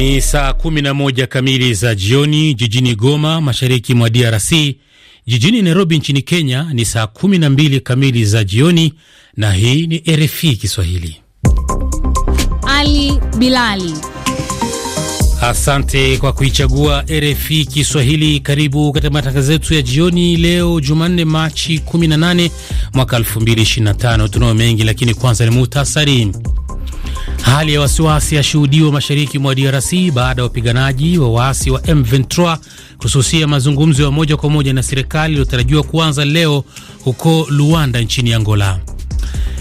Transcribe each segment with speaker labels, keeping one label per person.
Speaker 1: Ni saa 11 kamili za jioni jijini Goma, mashariki mwa DRC. Jijini Nairobi nchini Kenya ni saa 12 kamili za jioni, na hii ni RFI Kiswahili.
Speaker 2: Ali Bilali,
Speaker 1: asante kwa kuichagua RFI Kiswahili. Karibu katika matangazo yetu ya jioni leo Jumanne, Machi 18 mwaka 2025. Tunayo mengi, lakini kwanza ni muhtasari Hali ya wasiwasi yashuhudiwa mashariki mwa DRC baada ya wapiganaji wa waasi wa M23 kususia mazungumzo ya moja kwa moja na serikali iliyotarajiwa kuanza leo huko Luanda nchini Angola.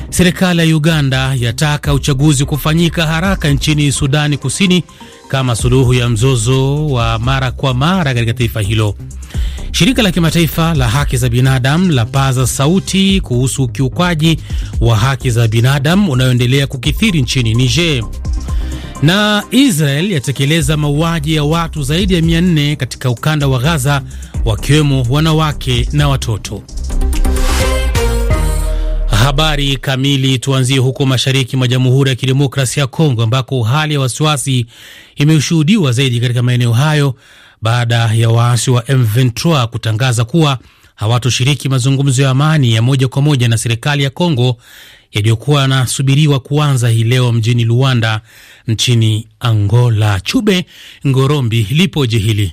Speaker 1: Serikali ya Uganda yataka uchaguzi kufanyika haraka nchini Sudani Kusini kama suluhu ya mzozo wa mara kwa mara katika taifa hilo. Shirika la kimataifa la haki za binadamu la paza sauti kuhusu ukiukwaji wa haki za binadamu unayoendelea kukithiri nchini Niger. Na Israel yatekeleza mauaji ya watu zaidi ya 400 katika ukanda wa Gaza, wakiwemo wanawake na watoto. Habari kamili. Tuanzie huko mashariki mwa Jamhuri ya Kidemokrasia ya Kongo ambako hali ya wasiwasi imeshuhudiwa zaidi katika maeneo hayo baada ya waasi wa M23 kutangaza kuwa hawatoshiriki mazungumzo ya amani ya moja kwa moja na serikali ya Kongo yaliyokuwa yanasubiriwa kuanza hii leo mjini Luanda nchini Angola. Chube Ngorombi, lipoje hili?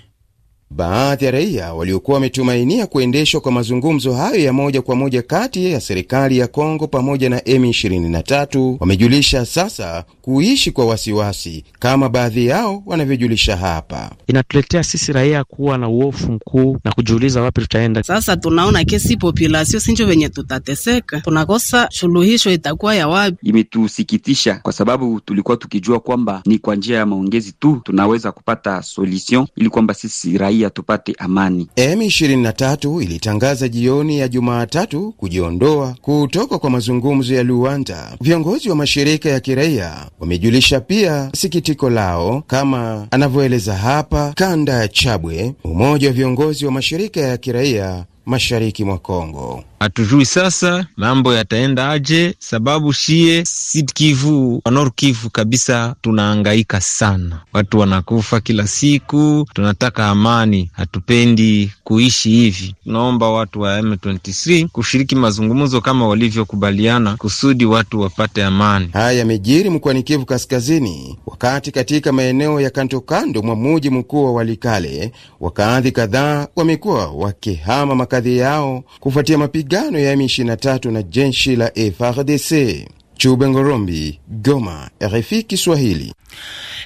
Speaker 3: Baadhi ya raia waliokuwa wametumainia kuendeshwa kwa mazungumzo hayo ya moja kwa moja kati ya serikali ya Kongo pamoja na M23 wamejulisha sasa kuishi kwa wasiwasi, kama baadhi yao wanavyojulisha hapa. Inatuletea sisi raia kuwa na uofu mkuu na kujiuliza wapi tutaenda
Speaker 4: sasa. Tunaona kesi populasio sinjo venye tutateseka, tunakosa suluhisho, itakuwa ya wapi?
Speaker 3: Imetusikitisha kwa sababu tulikuwa tukijua kwamba ni kwa njia ya maongezi tu tunaweza kupata solution ili kwamba sisi raia raia tupate amani. M23 ilitangaza jioni ya Jumatatu kujiondoa kutoka kwa mazungumzo ya Luanda. Viongozi wa mashirika ya kiraia wamejulisha pia sikitiko lao, kama anavyoeleza hapa Kanda ya Chabwe, mmoja wa viongozi wa mashirika ya kiraia mashariki mwa Kongo. Hatujui sasa mambo yataenda aje, sababu shie Sud Kivu wa Nord Kivu kabisa tunaangaika sana, watu wanakufa kila siku. Tunataka amani, hatupendi kuishi hivi. Tunaomba watu wa M23 kushiriki mazungumzo kama walivyokubaliana, kusudi watu wapate amani. Haya yamejiri mkoani Kivu Kaskazini, wakati katika maeneo ya kandokando mwa muji mkuu wa Walikale, wakaadhi kadhaa wamekuwa wakihama kadhi yao kufuatia mapigano ya M23 na jeshi la FARDC. Chube Ngorombi, Goma, RFI Kiswahili.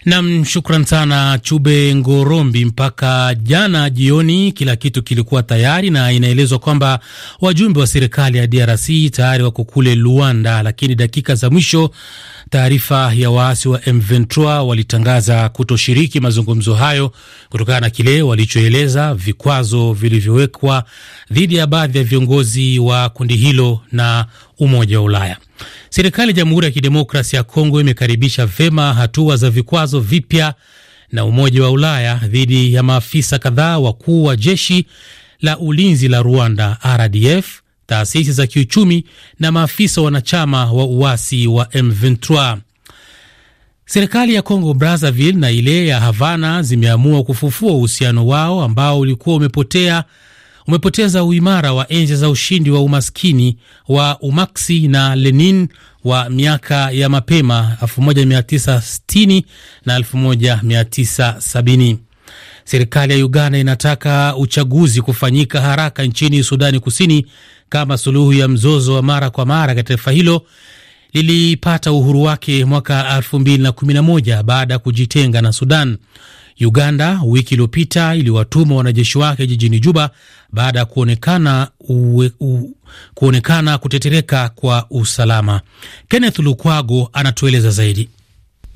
Speaker 1: Nam, shukran sana Chube Ngorombi. Mpaka jana jioni kila kitu kilikuwa tayari, na inaelezwa kwamba wajumbe wa serikali ya DRC tayari wako kule Luanda, lakini dakika za mwisho taarifa ya waasi wa M23 walitangaza kutoshiriki mazungumzo hayo kutokana na kile walichoeleza vikwazo vilivyowekwa dhidi ya baadhi ya viongozi wa kundi hilo na Umoja wa Ulaya. Serikali ya Jamhuri ya Kidemokrasia ya Kongo imekaribisha vema hatua za vikwazo vipya na Umoja wa Ulaya dhidi ya maafisa kadhaa wakuu wa jeshi la ulinzi la Rwanda, RDF taasisi za kiuchumi na maafisa wanachama wa uasi wa M23. Serikali ya Congo Brazzaville na ile ya Havana zimeamua kufufua uhusiano wao ambao ulikuwa umepotea umepoteza uimara wa enzi za ushindi wa umaskini wa Umaksi na Lenin wa miaka ya mapema 1960 na 1970. Serikali ya Uganda inataka uchaguzi kufanyika haraka nchini Sudani Kusini kama suluhu ya mzozo wa mara kwa mara katika taifa hilo lilipata uhuru wake mwaka 2011 baada ya kujitenga na Sudan. Uganda wiki iliyopita iliwatuma wanajeshi wake jijini Juba baada ya kuonekana, kuonekana kutetereka kwa usalama. Kenneth Lukwago anatueleza zaidi.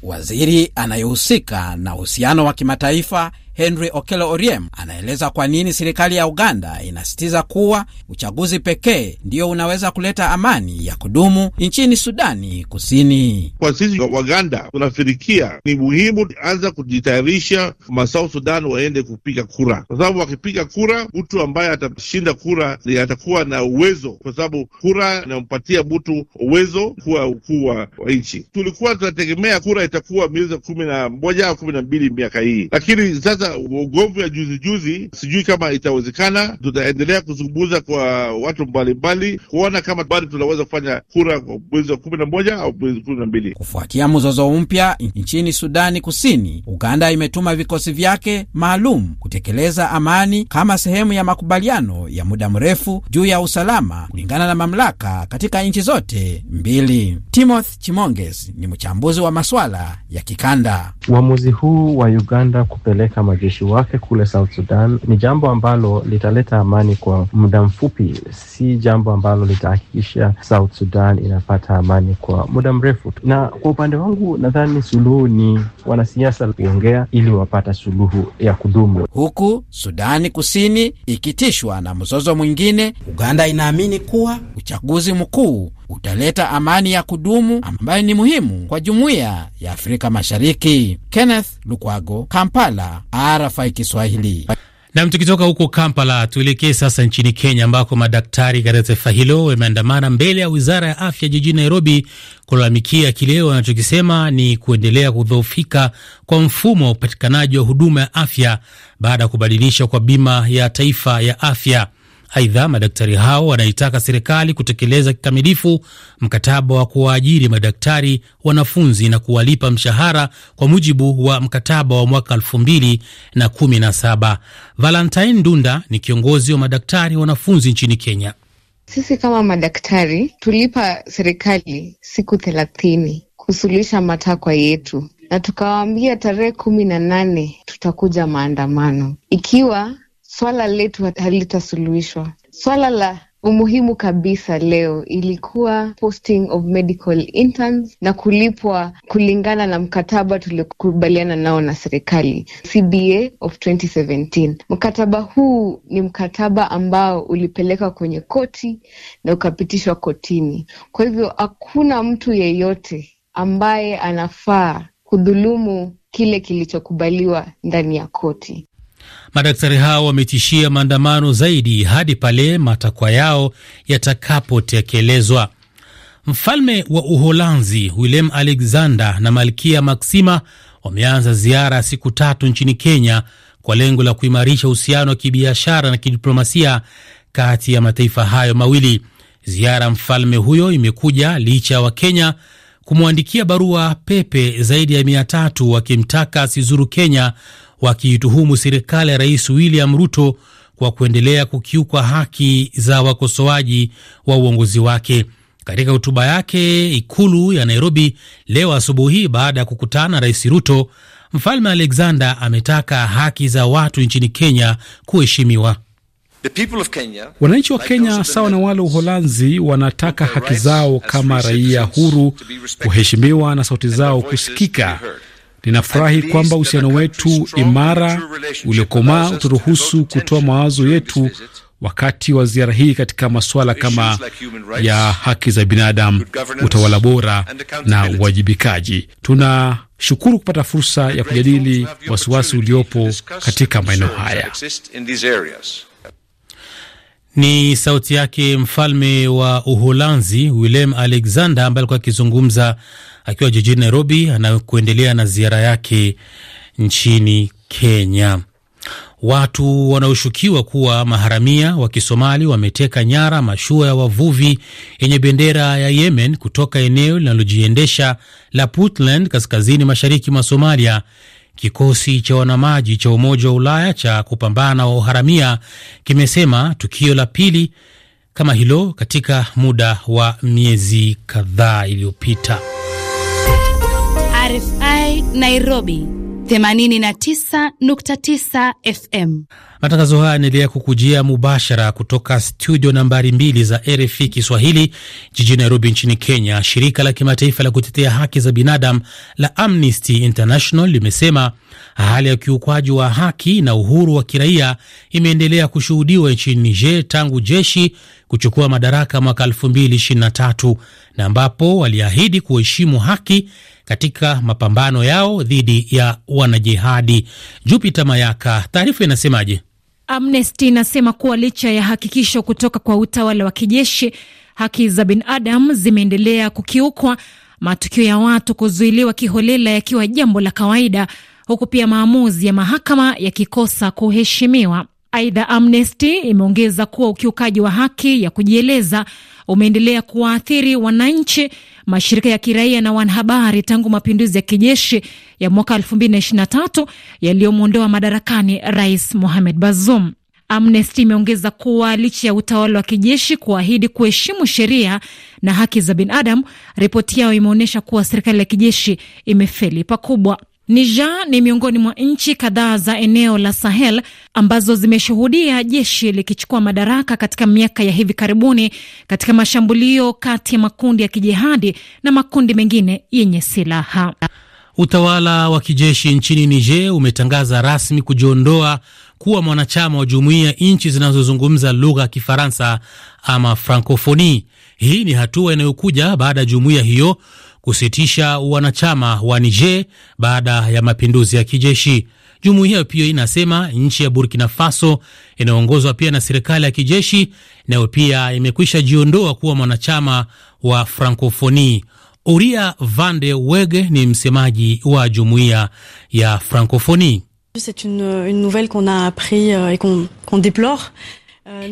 Speaker 4: Waziri anayehusika na uhusiano wa kimataifa Henry okelo Oriem anaeleza kwa nini serikali ya Uganda inasitiza kuwa uchaguzi pekee ndiyo unaweza kuleta amani ya kudumu nchini Sudani Kusini. Kwa sisi Waganda tunafirikia, ni muhimu anza kujitayarisha
Speaker 5: masau Sudan waende kupiga kura, kwa sababu wakipiga kura, mtu ambaye atashinda kura atakuwa na uwezo, kwa sababu kura inampatia mtu uwezo kuwa ukuu wa nchi. Tulikuwa tunategemea kura itakuwa miezi kumi na moja au kumi na mbili miaka hii, lakini sasa sasa ugomvi ya juzi juzi, sijui kama itawezekana. Tutaendelea kuzungumza kwa watu mbalimbali kuona kama bado tunaweza kufanya kura kwa mwezi wa kumi na moja au
Speaker 3: mwezi kumi na mbili. Kufuatia
Speaker 4: mzozo mpya nchini Sudani Kusini, Uganda imetuma vikosi vyake maalum kutekeleza amani kama sehemu ya makubaliano ya muda mrefu juu ya usalama kulingana na mamlaka katika nchi zote mbili. Timothy Chimonges ni mchambuzi wa maswala ya kikanda.
Speaker 5: Uamuzi huu wa Uganda kupeleka wanajeshi wake kule South Sudan ni jambo ambalo litaleta amani kwa muda mfupi, si jambo ambalo litahakikisha South Sudan inapata amani kwa muda mrefu. Na kwa upande wangu, nadhani suluhu ni wanasiasa kuongea ili wapata
Speaker 4: suluhu ya kudumu, huku Sudani Kusini ikitishwa na mzozo mwingine. Uganda inaamini kuwa uchaguzi mkuu utaleta amani ya kudumu ambayo ni muhimu kwa jumuiya ya Afrika Mashariki. Kenneth Lukwago, Kampala, RFI Kiswahili.
Speaker 1: Nam, tukitoka huko Kampala tuelekee sasa nchini Kenya, ambako madaktari katika taifa hilo wameandamana mbele ya wizara ya afya jijini Nairobi kulalamikia kile wanachokisema ni kuendelea kudhoofika kwa mfumo wa upatikanaji wa huduma ya afya baada ya kubadilisha kwa bima ya taifa ya afya. Aidha, madaktari hao wanaitaka serikali kutekeleza kikamilifu mkataba wa kuwaajiri madaktari wanafunzi na kuwalipa mshahara kwa mujibu wa mkataba wa mwaka 2017. Valentine Ndunda ni kiongozi wa madaktari wanafunzi nchini Kenya.
Speaker 2: Sisi kama madaktari tulipa serikali siku thelathini kusuluhisha matakwa yetu, na tukawaambia tarehe kumi na nane tutakuja maandamano. Ikiwa swala letu halitasuluhishwa. Swala la umuhimu kabisa leo ilikuwa posting of medical interns na kulipwa kulingana na mkataba tuliokubaliana nao na serikali CBA of 2017. Mkataba huu ni mkataba ambao ulipelekwa kwenye koti na ukapitishwa kotini. Kwa hivyo hakuna mtu yeyote ambaye anafaa kudhulumu kile kilichokubaliwa ndani ya koti.
Speaker 1: Madaktari hao wametishia maandamano zaidi hadi pale matakwa yao yatakapotekelezwa. Mfalme wa Uholanzi Willem Alexander na malkia Maksima wameanza ziara ya siku tatu nchini Kenya kwa lengo la kuimarisha uhusiano wa kibiashara na kidiplomasia kati ya mataifa hayo mawili. Ziara mfalme huyo imekuja licha ya Wakenya kumwandikia barua pepe zaidi ya mia tatu wakimtaka asizuru Kenya wakiituhumu serikali ya Rais William Ruto kwa kuendelea kukiuka haki za wakosoaji wa uongozi wake. Katika hotuba yake ikulu ya Nairobi leo asubuhi, baada ya kukutana na Rais Ruto, Mfalme Alexander ametaka haki za watu nchini Kenya kuheshimiwa. Wananchi
Speaker 5: wa Kenya sawa na wale Uholanzi wanataka haki zao kama raia huru kuheshimiwa na sauti zao kusikika Ninafurahi kwamba uhusiano wetu imara uliokomaa uturuhusu kutoa mawazo yetu wakati wa ziara hii katika masuala kama ya haki za binadamu, utawala bora na uwajibikaji. Tunashukuru kupata fursa ya kujadili wasiwasi
Speaker 1: uliopo katika maeneo haya. Ni sauti yake mfalme wa Uholanzi Willem Alexander ambaye alikuwa akizungumza akiwa jijini Nairobi anakuendelea na ziara yake nchini Kenya. Watu wanaoshukiwa kuwa maharamia wa Kisomali wameteka nyara mashua ya wavuvi yenye bendera ya Yemen kutoka eneo linalojiendesha la Puntland kaskazini mashariki mwa Somalia. Kikosi cha wanamaji cha Umoja wa Ulaya cha kupambana na uharamia kimesema tukio la pili kama hilo katika muda wa miezi kadhaa iliyopita.
Speaker 2: RFI Nairobi 89.9 FM.
Speaker 1: Matangazo haya yanaendelea kukujia mubashara kutoka studio nambari mbili za RFI Kiswahili jijini Nairobi nchini Kenya. Shirika la kimataifa la kutetea haki za binadamu la Amnesty International limesema hali ya ukiukwaji wa haki na uhuru wa kiraia imeendelea kushuhudiwa nchini Niger tangu jeshi kuchukua madaraka mwaka 2023 na ambapo waliahidi kuheshimu haki katika mapambano yao dhidi ya wanajihadi. Jupita Mayaka, taarifa inasemaje?
Speaker 2: Amnesty inasema kuwa licha ya hakikisho kutoka kwa utawala wa kijeshi, haki za binadamu zimeendelea kukiukwa, matukio ya watu kuzuiliwa kiholela yakiwa jambo la kawaida, huku pia maamuzi ya mahakama yakikosa kuheshimiwa. Aidha, Amnesty imeongeza kuwa ukiukaji wa haki ya kujieleza umeendelea kuwaathiri wananchi, mashirika ya kiraia na wanahabari tangu mapinduzi ya kijeshi ya mwaka 2023 yaliyomwondoa madarakani Rais Mohamed Bazoum. Amnesty imeongeza kuwa licha ya utawala wa kijeshi kuahidi kuheshimu sheria na haki za binadamu, ripoti yao imeonyesha kuwa serikali ya kijeshi imefeli pakubwa. Niger ni miongoni mwa nchi kadhaa za eneo la Sahel ambazo zimeshuhudia jeshi likichukua madaraka katika miaka ya hivi karibuni katika mashambulio kati ya makundi ya kijihadi na makundi mengine yenye silaha.
Speaker 1: Utawala wa kijeshi nchini Niger umetangaza rasmi kujiondoa kuwa mwanachama wa jumuiya nchi zinazozungumza lugha ya Kifaransa ama Francofoni. Hii ni hatua inayokuja baada ya jumuiya hiyo kusitisha wanachama wa Niger baada ya mapinduzi ya kijeshi. Jumuiya pia inasema nchi ya Burkina Faso inayoongozwa pia na serikali ya kijeshi nayo pia imekwisha jiondoa kuwa mwanachama wa Francophonie. Uria Vande Wege ni msemaji wa jumuiya ya Francophonie.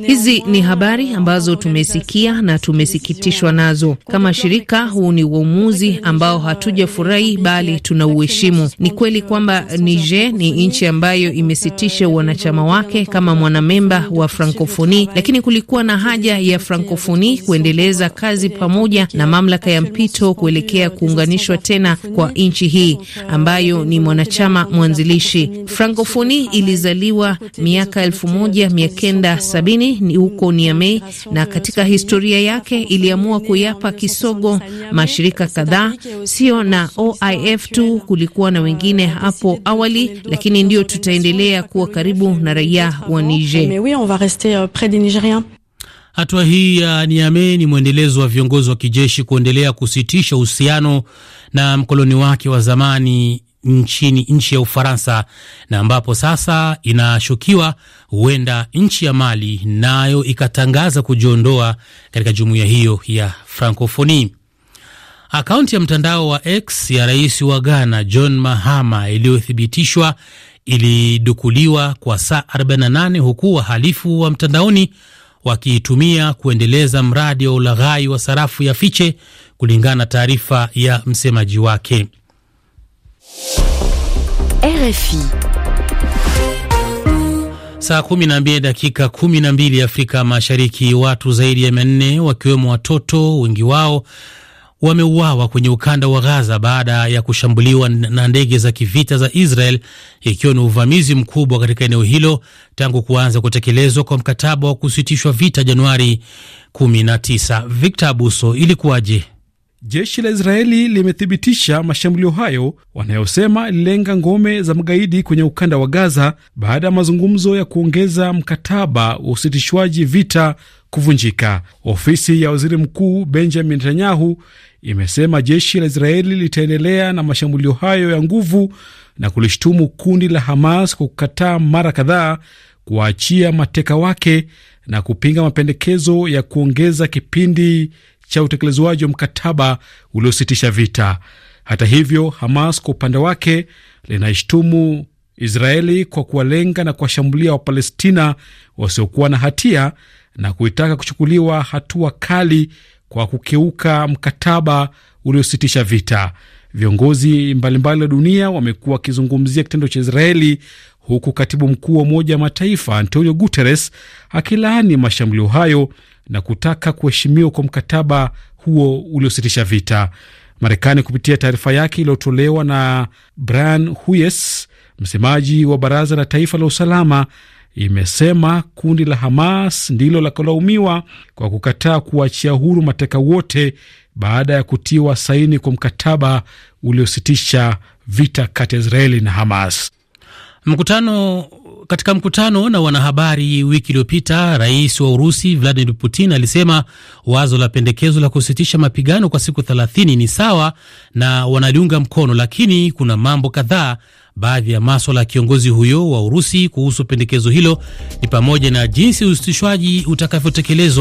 Speaker 2: Hizi ni habari ambazo tumesikia na tumesikitishwa nazo. Kama shirika, huu ni uamuzi ambao hatujafurahi, bali tunauheshimu. Ni kweli kwamba Niger ni nchi ambayo imesitisha wanachama wake kama mwanamemba wa Frankofoni, lakini kulikuwa na haja ya Frankofoni kuendeleza kazi pamoja na mamlaka ya mpito kuelekea kuunganishwa tena kwa nchi hii ambayo ni mwanachama mwanzilishi. Frankofoni ilizaliwa miaka elfu moja mia kenda sabini ni huko Niamey, na katika historia yake iliamua kuyapa kisogo mashirika kadhaa, sio na OIF tu, kulikuwa na wengine hapo awali, lakini ndio tutaendelea kuwa karibu na raia wa Niger. Eh, euh,
Speaker 1: Hatua hii ya Niamey ni mwendelezo wa viongozi wa kijeshi kuendelea kusitisha uhusiano na mkoloni wake wa zamani nchini nchi ya Ufaransa na ambapo sasa inashukiwa huenda nchi ya Mali nayo ikatangaza kujiondoa katika jumuiya hiyo ya Frankofoni. Akaunti ya mtandao wa X ya rais wa Ghana John Mahama iliyothibitishwa ilidukuliwa kwa saa 48 huku wahalifu wa mtandaoni wakiitumia kuendeleza mradi wa ulaghai wa sarafu ya fiche, kulingana na taarifa ya msemaji wake. RFI. Saa kumi na mbili dakika kumi na mbili Afrika Mashariki. Watu zaidi ya mia nne wakiwemo watoto wengi wao wameuawa kwenye ukanda wa Gaza baada ya kushambuliwa na ndege za kivita za Israel, ikiwa ni uvamizi mkubwa katika eneo hilo tangu kuanza kutekelezwa kwa mkataba wa kusitishwa vita Januari 19. Victor Abuso, ilikuwaje? Jeshi la Israeli
Speaker 5: limethibitisha mashambulio hayo wanayosema lilenga ngome za magaidi kwenye ukanda wa Gaza baada ya mazungumzo ya kuongeza mkataba wa usitishwaji vita kuvunjika. Ofisi ya waziri mkuu Benjamin Netanyahu imesema jeshi la Israeli litaendelea na mashambulio hayo ya nguvu na kulishutumu kundi la Hamas kwa kukataa mara kadhaa kuwaachia mateka wake na kupinga mapendekezo ya kuongeza kipindi cha utekelezwaji wa mkataba uliositisha vita. Hata hivyo, Hamas kwa upande wake linaishtumu Israeli kwa kuwalenga na kuwashambulia Wapalestina wasiokuwa na hatia na kuitaka kuchukuliwa hatua kali kwa kukeuka mkataba uliositisha vita. Viongozi mbalimbali wa dunia wamekuwa wakizungumzia kitendo cha Israeli, huku katibu mkuu wa Umoja wa Mataifa Antonio Guterres akilaani mashambulio hayo na kutaka kuheshimiwa kwa mkataba huo uliositisha vita. Marekani kupitia taarifa yake iliyotolewa na Brian Huyes, msemaji wa Baraza la Taifa la Usalama, imesema kundi la Hamas ndilo la kulaumiwa kwa kukataa kuachia huru mateka wote baada ya kutiwa saini kwa
Speaker 1: mkataba uliositisha vita kati ya Israeli na Hamas. Mkutano katika mkutano na wanahabari wiki iliyopita, rais wa Urusi Vladimir Putin alisema wazo la pendekezo la kusitisha mapigano kwa siku 30 ni sawa na wanaliunga mkono, lakini kuna mambo kadhaa. Baadhi ya maswala ya kiongozi huyo wa Urusi kuhusu pendekezo hilo ni pamoja na jinsi usitishwaji utakavyotekelezwa.